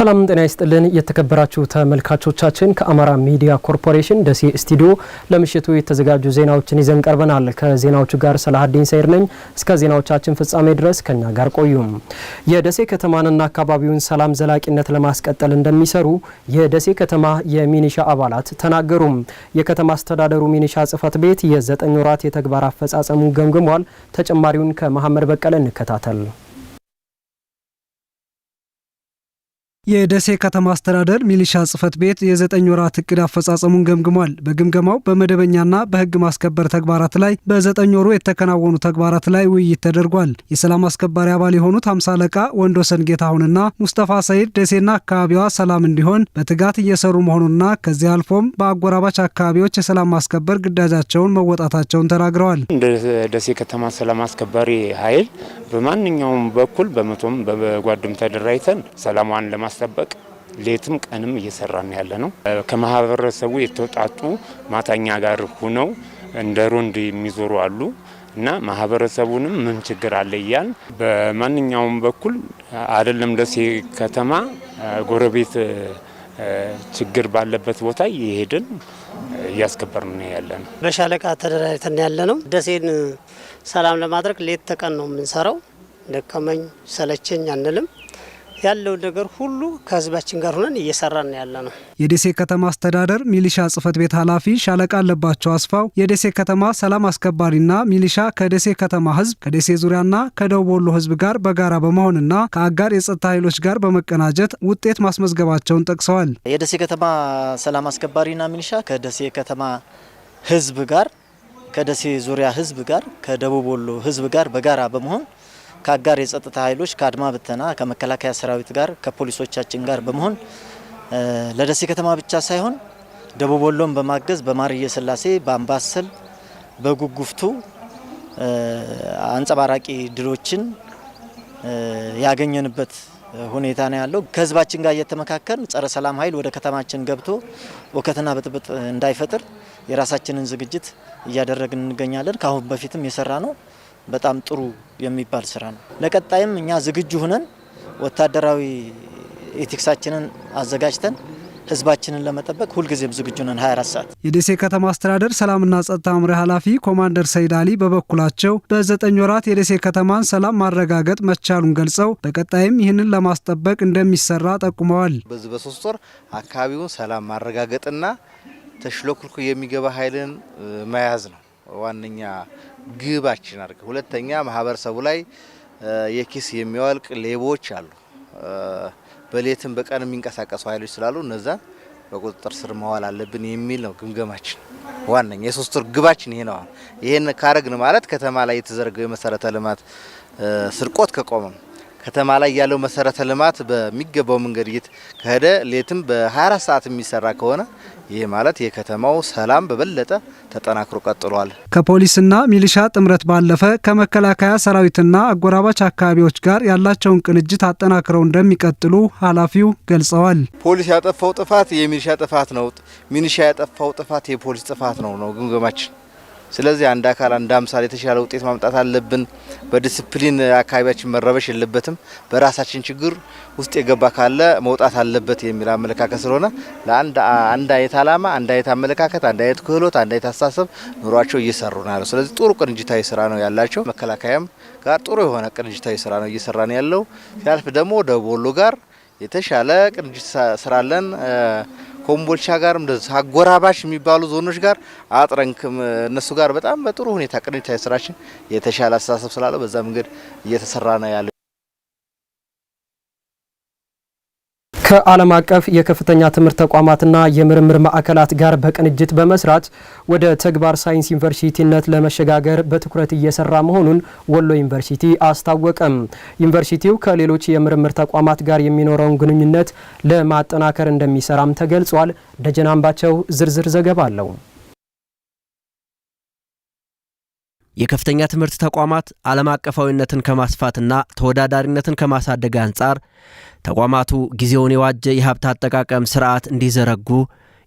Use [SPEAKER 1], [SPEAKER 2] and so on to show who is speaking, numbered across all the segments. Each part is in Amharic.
[SPEAKER 1] ሰላም ጤና ይስጥልን። የተከበራችሁ ተመልካቾቻችን ከአማራ ሚዲያ ኮርፖሬሽን ደሴ ስቱዲዮ ለምሽቱ የተዘጋጁ ዜናዎችን ይዘን ቀርበናል። ከዜናዎቹ ጋር ሰላሀዲን ሰይር ነኝ። እስከ ዜናዎቻችን ፍጻሜ ድረስ ከኛ ጋር ቆዩም። የደሴ ከተማንና አካባቢውን ሰላም ዘላቂነት ለማስቀጠል እንደሚሰሩ የደሴ ከተማ የሚኒሻ አባላት ተናገሩም። የከተማ አስተዳደሩ ሚኒሻ ጽህፈት ቤት የዘጠኝ ወራት የተግባር አፈጻጸሙን ገምግሟል። ተጨማሪውን ከመሀመድ በቀለ እንከታተል። የደሴ ከተማ አስተዳደር ሚሊሻ ጽፈት ቤት የዘጠኝ ወራት እቅድ አፈጻጸሙን ገምግሟል። በግምገማው በመደበኛና በህግ ማስከበር ተግባራት ላይ በዘጠኝ ወሩ የተከናወኑ ተግባራት ላይ ውይይት ተደርጓል። የሰላም አስከባሪ አባል የሆኑት ሀምሳ አለቃ ወንዶሰን ጌታሁንና ሙስጠፋ ሰይድ ደሴና አካባቢዋ ሰላም እንዲሆን በትጋት እየሰሩ መሆኑንና ከዚህ አልፎም በአጎራባች አካባቢዎች የሰላም ማስከበር ግዳጃቸውን መወጣታቸውን ተናግረዋል።
[SPEAKER 2] ደሴ ከተማ ሰላም አስከባሪ ኃይል በማንኛውም በኩል በመቶም በጓድም ተደራጅተን ሰላሟን ለማ ለማስጠበቅ ሌትም ቀንም እየሰራን ያለ ነው። ከማህበረሰቡ የተውጣጡ ማታኛ ጋር ሁነው እንደ ሮንድ የሚዞሩ አሉ እና ማህበረሰቡንም ምን ችግር አለ እያል በማንኛውም በኩል አይደለም ደሴ ከተማ ጎረቤት ችግር ባለበት ቦታ እየሄድን እያስከበርን ነው ያለ ነው።
[SPEAKER 3] በሻለቃ ተደራጅተን ያለ ነው። ደሴን ሰላም ለማድረግ ሌት ተቀን ነው የምንሰራው። ደከመኝ ሰለቸኝ አንልም። ያለውን ነገር ሁሉ ከህዝባችን ጋር ሆነን እየሰራን ያለ ነው።
[SPEAKER 1] የደሴ ከተማ አስተዳደር ሚሊሻ ጽህፈት ቤት ኃላፊ ሻለቃ አለባቸው አስፋው የደሴ ከተማ ሰላም አስከባሪና ሚሊሻ ከደሴ ከተማ ህዝብ ከደሴ ዙሪያና ከደቡብ ወሎ ህዝብ ጋር በጋራ በመሆንና ከአጋር የጸጥታ ኃይሎች ጋር በመቀናጀት ውጤት ማስመዝገባቸውን ጠቅሰዋል።
[SPEAKER 4] የደሴ ከተማ ሰላም አስከባሪና ሚሊሻ ከደሴ ከተማ ህዝብ ጋር ከደሴ ዙሪያ ህዝብ ጋር ከደቡብ ወሎ ህዝብ ጋር በጋራ በመሆን ከአጋር የጸጥታ ኃይሎች ከአድማ ብተና ከመከላከያ ሰራዊት ጋር ከፖሊሶቻችን ጋር በመሆን ለደሴ ከተማ ብቻ ሳይሆን ደቡብ ወሎን በማገዝ በማርየ ስላሴ፣ በአምባሰል፣ በጉጉፍቱ አንጸባራቂ ድሎችን ያገኘንበት ሁኔታ ነው ያለው። ከህዝባችን ጋር እየተመካከል ጸረ ሰላም ኃይል ወደ ከተማችን ገብቶ እውከትና ብጥብጥ እንዳይፈጥር የራሳችንን ዝግጅት እያደረግን እንገኛለን። ከአሁን በፊትም የሰራ ነው በጣም ጥሩ የሚባል ስራ ነው። ለቀጣይም እኛ ዝግጁ ሁነን ወታደራዊ ኤቲክሳችንን አዘጋጅተን ህዝባችንን ለመጠበቅ ሁልጊዜም ዝግጁ ነን 24 ሰዓት።
[SPEAKER 1] የደሴ ከተማ አስተዳደር ሰላምና ጸጥታ መምሪያ ኃላፊ ኮማንደር ሰይድ አሊ በበኩላቸው በዘጠኝ ወራት የደሴ ከተማን ሰላም ማረጋገጥ መቻሉን ገልጸው በቀጣይም ይህንን ለማስጠበቅ እንደሚሰራ ጠቁመዋል።
[SPEAKER 5] በዚህ በሶስት ወር አካባቢውን ሰላም ማረጋገጥና ተሽሎክልኩ የሚገባ ኃይልን መያዝ ነው። ዋነኛ ግባችን አድርገ ሁለተኛ ማህበረሰቡ ላይ የኪስ የሚያወልቅ ሌቦች አሉ። በሌትም በቀን የሚንቀሳቀሱ ኃይሎች ስላሉ እነዛን በቁጥጥር ስር መዋል አለብን የሚል ነው ግምገማችን። ዋነኛ የሶስት ወር ግባችን ይሄ ነው። ይሄን ካረግን ማለት ከተማ ላይ የተዘረገው የመሰረተ ልማት ስርቆት ከቆመም ከተማ ላይ ያለው መሰረተ ልማት በሚገባው መንገድ ከሄደ ሌትም በ24 ሰዓት የሚሰራ ከሆነ ይህ ማለት የከተማው ሰላም በበለጠ ተጠናክሮ ቀጥሏል።
[SPEAKER 1] ከፖሊስና ሚሊሻ ጥምረት ባለፈ ከመከላከያ ሰራዊትና አጎራባች አካባቢዎች ጋር ያላቸውን ቅንጅት አጠናክረው እንደሚቀጥሉ ኃላፊው ገልጸዋል።
[SPEAKER 6] ፖሊስ ያጠፋው ጥፋት የሚሊሻ ጥፋት ነው፣ ሚሊሻ ያጠፋው ጥፋት የፖሊስ ጥፋት ነው ነው ግምገማችን። ስለዚህ አንድ አካል አንድ አምሳል የተሻለ ውጤት ማምጣት አለብን። በዲስፕሊን አካባቢያችን መረበሽ የለበትም። በራሳችን ችግር ውስጥ የገባ ካለ መውጣት አለበት የሚል አመለካከት ስለሆነ ለአንድ አንድ አይነት አላማ አንድ አይነት አመለካከት፣ አንድ አይነት ክህሎት፣ አንድ አይነት አስተሳሰብ ኑሯቸው እየሰሩ ነው። ስለዚህ ጥሩ ቅንጅታዊ ስራ ነው ያላቸው። መከላከያም ጋር ጥሩ የሆነ ቅንጅታዊ ስራ ነው እየሰራ ነው ያለው። ሲያልፍ ደግሞ ደቡብ ወሎ ጋር የተሻለ ቅንጅት ስራ አለን። ኮምቦልቻ ጋርም አጎራባሽ የሚባሉ ዞኖች ጋር አጥረን እነሱ ጋር በጣም በጥሩ ሁኔታ ቅንጅታዊ ስራችን የተሻለ አስተሳሰብ ስላለው በዛ መንገድ እየተሰራ ነው ያለ
[SPEAKER 1] ከዓለም አቀፍ የከፍተኛ ትምህርት ተቋማትና የምርምር ማዕከላት ጋር በቅንጅት በመስራት ወደ ተግባር ሳይንስ ዩኒቨርሲቲነት ለመሸጋገር በትኩረት እየሰራ መሆኑን ወሎ ዩኒቨርሲቲ አስታወቀም። ዩኒቨርሲቲው ከሌሎች የምርምር ተቋማት ጋር የሚኖረውን ግንኙነት ለማጠናከር እንደሚሰራም ተገልጿል። ደጀን አምባቸው ዝርዝር ዘገባ አለው።
[SPEAKER 7] የከፍተኛ ትምህርት ተቋማት ዓለም አቀፋዊነትን ከማስፋትና ተወዳዳሪነትን ከማሳደግ አንጻር ተቋማቱ ጊዜውን የዋጀ የሀብት አጠቃቀም ስርዓት እንዲዘረጉ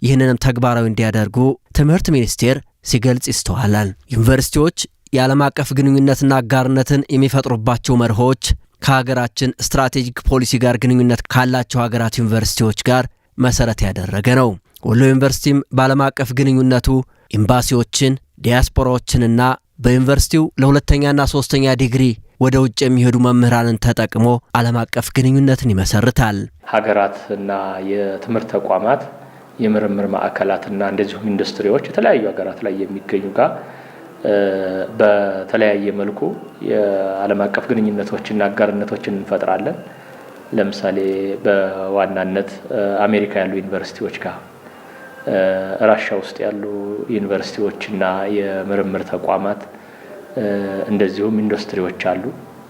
[SPEAKER 7] ይህንንም ተግባራዊ እንዲያደርጉ ትምህርት ሚኒስቴር ሲገልጽ ይስተዋላል። ዩኒቨርሲቲዎች የዓለም አቀፍ ግንኙነትና አጋርነትን የሚፈጥሩባቸው መርሆች ከሀገራችን ስትራቴጂክ ፖሊሲ ጋር ግንኙነት ካላቸው ሀገራት ዩኒቨርሲቲዎች ጋር መሰረት ያደረገ ነው። ወሎ ዩኒቨርሲቲም በዓለም አቀፍ ግንኙነቱ ኤምባሲዎችን ዲያስፖራዎችንና በዩኒቨርሲቲው ለሁለተኛና ሶስተኛ ዲግሪ ወደ ውጭ የሚሄዱ መምህራንን ተጠቅሞ ዓለም አቀፍ ግንኙነትን ይመሰርታል።
[SPEAKER 8] ሀገራትና የትምህርት ተቋማት የምርምር ማዕከላትና እንደዚሁም ኢንዱስትሪዎች የተለያዩ ሀገራት ላይ የሚገኙ ጋር በተለያየ መልኩ የዓለም አቀፍ ግንኙነቶችና አጋርነቶችን እንፈጥራለን። ለምሳሌ በዋናነት አሜሪካ ያሉ ዩኒቨርሲቲዎች ጋር ራሻ ውስጥ ያሉ ዩኒቨርሲቲዎችና የምርምር ተቋማት እንደዚሁም ኢንዱስትሪዎች አሉ።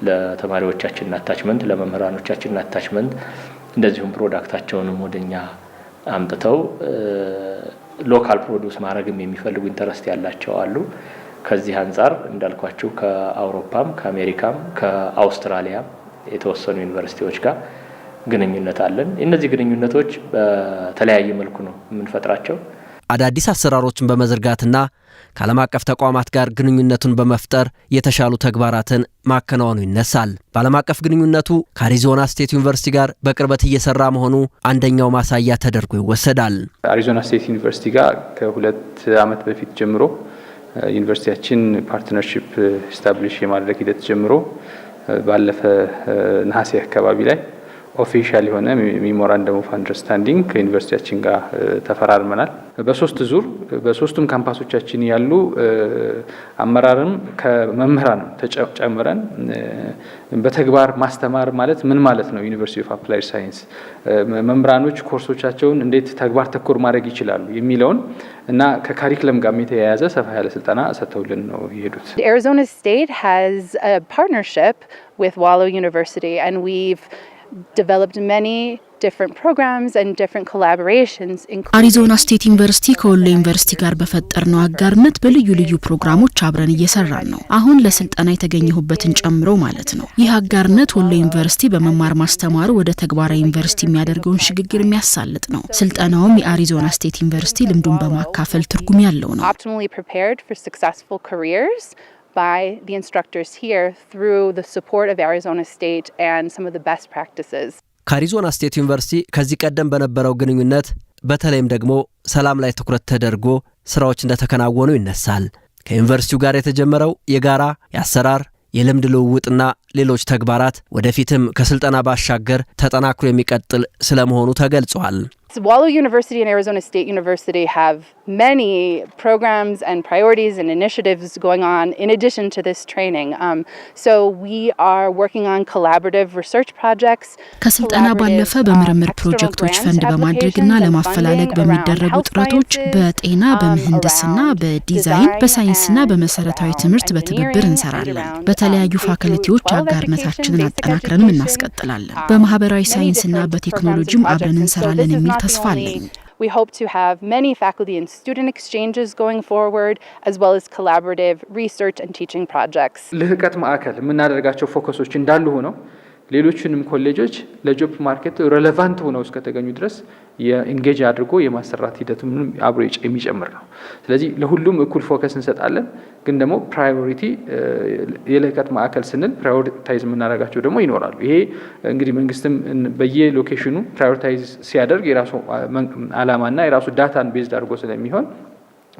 [SPEAKER 8] ለተማሪዎቻችን አታችመንት ለመምህራኖቻችንና አታችመንት እንደዚሁም ፕሮዳክታቸውንም ወደኛ አምጥተው ሎካል ፕሮዲውስ ማድረግም የሚፈልጉ ኢንተረስት ያላቸው አሉ። ከዚህ አንጻር እንዳልኳችሁ ከአውሮፓም ከአሜሪካም ከአውስትራሊያም የተወሰኑ ዩኒቨርሲቲዎች ጋር ግንኙነት አለን። እነዚህ ግንኙነቶች በተለያየ መልኩ ነው የምንፈጥራቸው።
[SPEAKER 7] አዳዲስ አሰራሮችን በመዘርጋትና ከዓለም አቀፍ ተቋማት ጋር ግንኙነቱን በመፍጠር የተሻሉ ተግባራትን ማከናወኑ ይነሳል። በዓለም አቀፍ ግንኙነቱ ከአሪዞና ስቴት ዩኒቨርሲቲ ጋር በቅርበት እየሰራ መሆኑ አንደኛው ማሳያ ተደርጎ ይወሰዳል።
[SPEAKER 9] አሪዞና ስቴት ዩኒቨርሲቲ ጋር ከሁለት ዓመት በፊት ጀምሮ ዩኒቨርሲቲያችን ፓርትነርሽፕ ስታብሊሽ የማድረግ ሂደት ጀምሮ ባለፈ ነሐሴ አካባቢ ላይ ኦፊሻል የሆነ ሚሞራንደም ኦፍ አንደርስታንዲንግ ከዩኒቨርሲቲያችን ጋር ተፈራርመናል። በሶስት ዙር በሶስቱም ካምፓሶቻችን ያሉ አመራርም ከመምህራንም ተጨምረን በተግባር ማስተማር ማለት ምን ማለት ነው? ዩኒቨርሲቲ ኦፍ አፕላይድ ሳይንስ መምህራኖች ኮርሶቻቸውን እንዴት ተግባር ተኮር ማድረግ ይችላሉ የሚለውን እና ከካሪክለም ጋር የተያያዘ ሰፋ ያለ ስልጠና ሰጥተውልን ነው የሄዱት።
[SPEAKER 10] Arizona State has with Wallow University and we've developed many
[SPEAKER 7] አሪዞና ስቴት ዩኒቨርሲቲ ከወሎ ዩኒቨርሲቲ ጋር በፈጠርነው አጋርነት በልዩ ልዩ ፕሮግራሞች አብረን እየሰራን ነው። አሁን ለስልጠና የተገኘሁበትን ጨምሮ ማለት ነው። ይህ አጋርነት ወሎ ዩኒቨርሲቲ በመማር ማስተማሩ ወደ ተግባራዊ ዩኒቨርሲቲ የሚያደርገውን ሽግግር የሚያሳልጥ ነው። ስልጠናውም የአሪዞና ስቴት ዩኒቨርሲቲ ልምዱን በማካፈል ትርጉም ያለው
[SPEAKER 10] ነው። by the instructors here through the support of Arizona State and some of the best practices.
[SPEAKER 7] ከአሪዞና ስቴት ዩኒቨርሲቲ ከዚህ ቀደም በነበረው ግንኙነት በተለይም ደግሞ ሰላም ላይ ትኩረት ተደርጎ ስራዎች እንደተከናወኑ ይነሳል። ከዩኒቨርሲቲው ጋር የተጀመረው የጋራ የአሰራር የልምድ ልውውጥና ሌሎች ተግባራት ወደፊትም ከስልጠና ባሻገር ተጠናክሮ የሚቀጥል ስለመሆኑ ተገልጿል።
[SPEAKER 10] many programs and priorities and initiatives going on in addition to this training. Um, so we are working on collaborative research projects.
[SPEAKER 7] ከስልጠና ባለፈ um, በምርምር ፕሮጀክቶች ፈንድ በማድረግና ለማፈላለግ በሚደረጉ ጥረቶች በጤና፣ um, በምህንድስና፣ በዲዛይን፣ በሳይንስና በመሰረታዊ ትምህርት በትብብር እንሰራለን። በተለያዩ ፋክልቲዎች አጋርነታችንን አጠናክረንም እናስቀጥላለን። um, በማህበራዊ ሳይንስና በቴክኖሎጂም አብረን እንሰራለን የሚል ተስፋ አለኝ።
[SPEAKER 10] We hope to have many faculty and student exchanges going forward, as well as collaborative research and teaching projects.
[SPEAKER 9] ሌሎችንም ኮሌጆች ለጆብ ማርኬት ሬሌቫንት ሆነው እስከተገኙ ድረስ የኢንጌጅ አድርጎ የማሰራት ሂደት ምንም አብሮ የሚጨምር ነው። ስለዚህ ለሁሉም እኩል ፎከስ እንሰጣለን። ግን ደግሞ ፕራዮሪቲ የልህቀት ማዕከል ስንል ፕራዮሪታይዝ የምናደርጋቸው ደግሞ ይኖራሉ። ይሄ እንግዲህ መንግስትም በየሎኬሽኑ ፕራዮሪታይዝ ሲያደርግ የራሱ አላማና የራሱ ዳታን ቤዝድ አድርጎ ስለሚሆን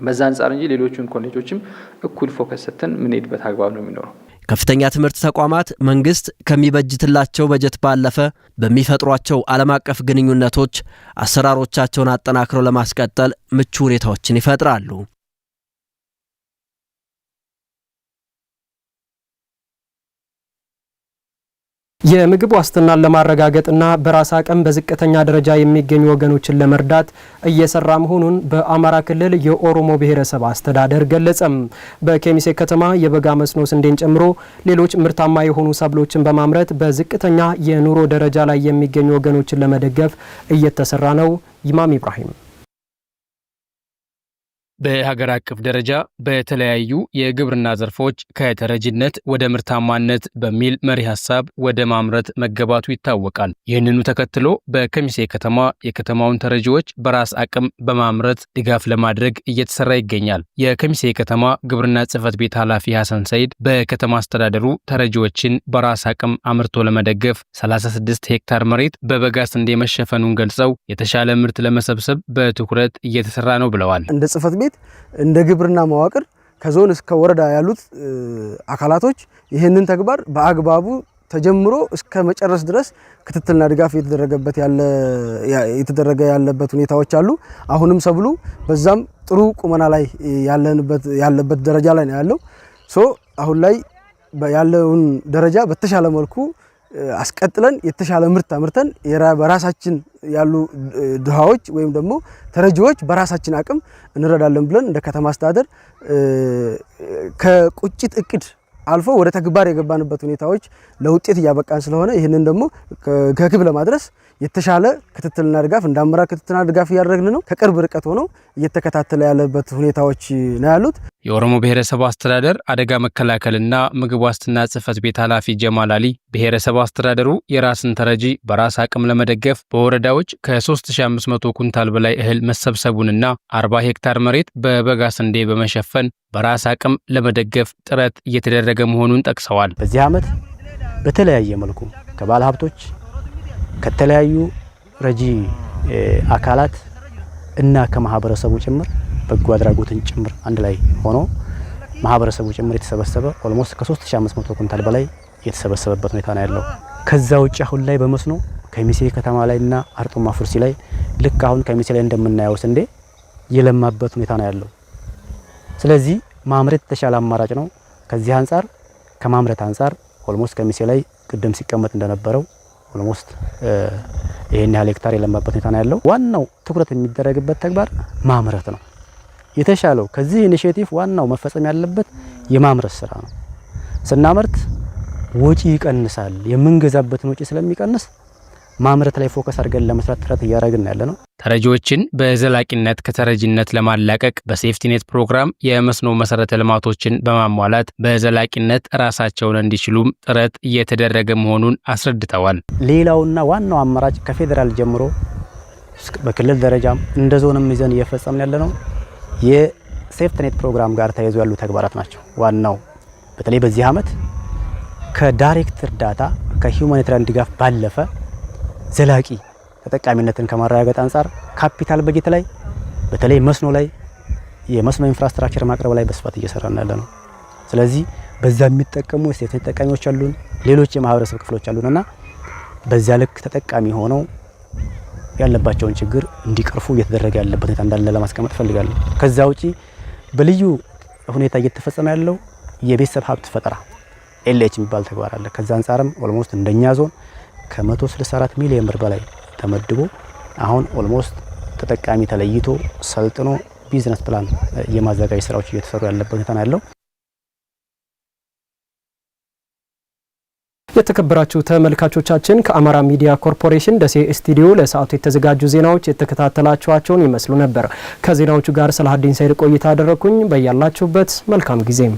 [SPEAKER 9] በዛ አንጻር እንጂ ሌሎቹን ኮሌጆችም እኩል ፎከስ ስትን ምንሄድበት አግባብ ነው የሚኖረው።
[SPEAKER 7] ከፍተኛ ትምህርት ተቋማት መንግስት ከሚበጅትላቸው በጀት ባለፈ በሚፈጥሯቸው ዓለም አቀፍ ግንኙነቶች አሰራሮቻቸውን አጠናክረው ለማስቀጠል ምቹ ሁኔታዎችን ይፈጥራሉ።
[SPEAKER 1] የምግብ ዋስትናን ለማረጋገጥና በራስ አቅም በዝቅተኛ ደረጃ የሚገኙ ወገኖችን ለመርዳት እየሰራ መሆኑን በአማራ ክልል የኦሮሞ ብሔረሰብ አስተዳደር ገለጸም። በኬሚሴ ከተማ የበጋ መስኖ ስንዴን ጨምሮ ሌሎች ምርታማ የሆኑ ሰብሎችን በማምረት በዝቅተኛ የኑሮ ደረጃ ላይ የሚገኙ ወገኖችን ለመደገፍ እየተሰራ ነው። ይማም ኢብራሂም
[SPEAKER 11] በሀገር አቀፍ ደረጃ በተለያዩ የግብርና ዘርፎች ከተረጅነት ወደ ምርታማነት በሚል መሪ ሀሳብ ወደ ማምረት መገባቱ ይታወቃል። ይህንኑ ተከትሎ በከሚሴ ከተማ የከተማውን ተረጂዎች በራስ አቅም በማምረት ድጋፍ ለማድረግ እየተሰራ ይገኛል። የከሚሴ ከተማ ግብርና ጽሕፈት ቤት ኃላፊ ሐሰን ሰይድ በከተማ አስተዳደሩ ተረጂዎችን በራስ አቅም አምርቶ ለመደገፍ 36 ሄክታር መሬት በበጋ ስንዴ መሸፈኑን ገልጸው የተሻለ ምርት ለመሰብሰብ በትኩረት እየተሰራ ነው ብለዋል።
[SPEAKER 12] እንደ ጽሕፈት ቤት ቤት እንደ ግብርና መዋቅር ከዞን እስከ ወረዳ ያሉት አካላቶች ይህንን ተግባር በአግባቡ ተጀምሮ እስከ መጨረስ ድረስ ክትትልና ድጋፍ እየተደረገበት ያለ የተደረገ ያለበት ሁኔታዎች አሉ። አሁንም ሰብሉ በዛም ጥሩ ቁመና ላይ ያለንበት ያለበት ደረጃ ላይ ነው ያለው። ሶ አሁን ላይ ያለውን ደረጃ በተሻለ መልኩ አስቀጥለን የተሻለ ምርት አምርተን በራሳችን ያሉ ድሃዎች ወይም ደግሞ ተረጂዎች በራሳችን አቅም እንረዳለን ብለን እንደ ከተማ አስተዳደር ከቁጭት እቅድ አልፎ ወደ ተግባር የገባንበት ሁኔታዎች ለውጤት እያበቃን ስለሆነ ይህንን ደግሞ ከግብ ለማድረስ የተሻለ ክትትልና ድጋፍ እንደ አመራር ክትትልና ድጋፍ እያደረግን ነው። ከቅርብ ርቀት ሆኖ እየተከታተለ ያለበት ሁኔታዎች ነው ያሉት
[SPEAKER 7] የኦሮሞ ብሔረሰብ አስተዳደር አደጋ መከላከልና ምግብ ዋስትና ጽህፈት ቤት ኃላፊ ጀማል አሊ ብሔረሰብ አስተዳደሩ የራስን ተረጂ በራስ አቅም ለመደገፍ በወረዳዎች ከ3500 ኩንታል በላይ እህል መሰብሰቡንና 40 ሄክታር መሬት በበጋ ስንዴ በመሸፈን በራስ አቅም ለመደገፍ ጥረት እየተደረገ መሆኑን ጠቅሰዋል።
[SPEAKER 13] በዚህ ዓመት በተለያየ መልኩ ከባለ ሀብቶች ከተለያዩ ረጂ አካላት እና ከማህበረሰቡ ጭምር በጎ አድራጎትን ጭምር አንድ ላይ ሆኖ ማህበረሰቡ ጭምር የተሰበሰበ ኦልሞስት ከ3500 ኩንታል በላይ የተሰበሰበበት ሁኔታ ነው ያለው። ከዛ ውጭ አሁን ላይ በመስኖ ከሚሴ ከተማ ላይና አርጦማ ፉርሲ ላይ ልክ አሁን ከሚሴ ላይ እንደምናየው ስንዴ የለማበት ሁኔታ ነው ያለው። ስለዚህ ማምረት የተሻለ አማራጭ ነው። ከዚህ አንጻር ከማምረት አንጻር ኦልሞስት ከሚሴ ላይ ቅድም ሲቀመጥ እንደነበረው ኦልሞስት ይሄን ያህል ሄክታር የለማበት ሁኔታ ነው ያለው። ዋናው ትኩረት የሚደረግበት ተግባር ማምረት ነው። የተሻለው ከዚህ ኢኒሼቲቭ ዋናው መፈጸም ያለበት የማምረት ስራ ነው። ስናመርት ወጪ ይቀንሳል። የምንገዛበትን ወጪ ስለሚቀንስ ማምረት ላይ ፎከስ አድርገን ለመስራት ጥረት እያደረግን ያለ ነው።
[SPEAKER 7] ተረጂዎችን በዘላቂነት ከተረጂነት ለማላቀቅ በሴፍቲኔት ፕሮግራም የመስኖ መሰረተ ልማቶችን በማሟላት በዘላቂነት ራሳቸውን እንዲችሉም ጥረት እየተደረገ መሆኑን አስረድተዋል።
[SPEAKER 13] ሌላውና ዋናው አማራጭ ከፌዴራል ጀምሮ በክልል ደረጃም እንደ ዞንም ይዘን እየፈጸምን ያለ ነው የሴፍቲኔት ፕሮግራም ጋር ተያይዞ ያሉ ተግባራት ናቸው። ዋናው በተለይ በዚህ ዓመት ከዳይሬክት እርዳታ ከሂውማኒታሪያን ድጋፍ ባለፈ ዘላቂ ተጠቃሚነትን ከማረጋገጥ አንጻር ካፒታል በጀት ላይ በተለይ መስኖ ላይ የመስኖ ኢንፍራስትራክቸር ማቅረብ ላይ በስፋት እየሰራን ያለ ነው። ስለዚህ በዛ የሚጠቀሙ የሴት ተጠቃሚዎች አሉን፣ ሌሎች የማህበረሰብ ክፍሎች አሉን እና በዚያ ልክ ተጠቃሚ ሆነው ያለባቸውን ችግር እንዲቀርፉ እየተደረገ ያለበት ሁኔታ እንዳለ ለማስቀመጥ እፈልጋለሁ። ከዛ ውጪ በልዩ ሁኔታ እየተፈጸመ ያለው የቤተሰብ ሀብት ፈጠራ ኤልኤች የሚባል ተግባር አለ። ከዛ አንጻርም ኦልሞስት እንደኛ ዞን ከ164 ሚሊዮን ብር በላይ ተመድቦ አሁን ኦልሞስት ተጠቃሚ ተለይቶ ሰልጥኖ ቢዝነስ ፕላን የማዘጋጅ ስራዎች እየተሰሩ ያለበት ሁኔታ ነው ያለው።
[SPEAKER 1] የተከበራችሁ ተመልካቾቻችን ከአማራ ሚዲያ ኮርፖሬሽን ደሴ ስቱዲዮ ለሰዓቱ የተዘጋጁ ዜናዎች የተከታተላችኋቸውን ይመስሉ ነበር። ከዜናዎቹ ጋር ሰላሀዲን ሰይድ ቆይታ አደረግኩኝ። በያላችሁበት መልካም ጊዜም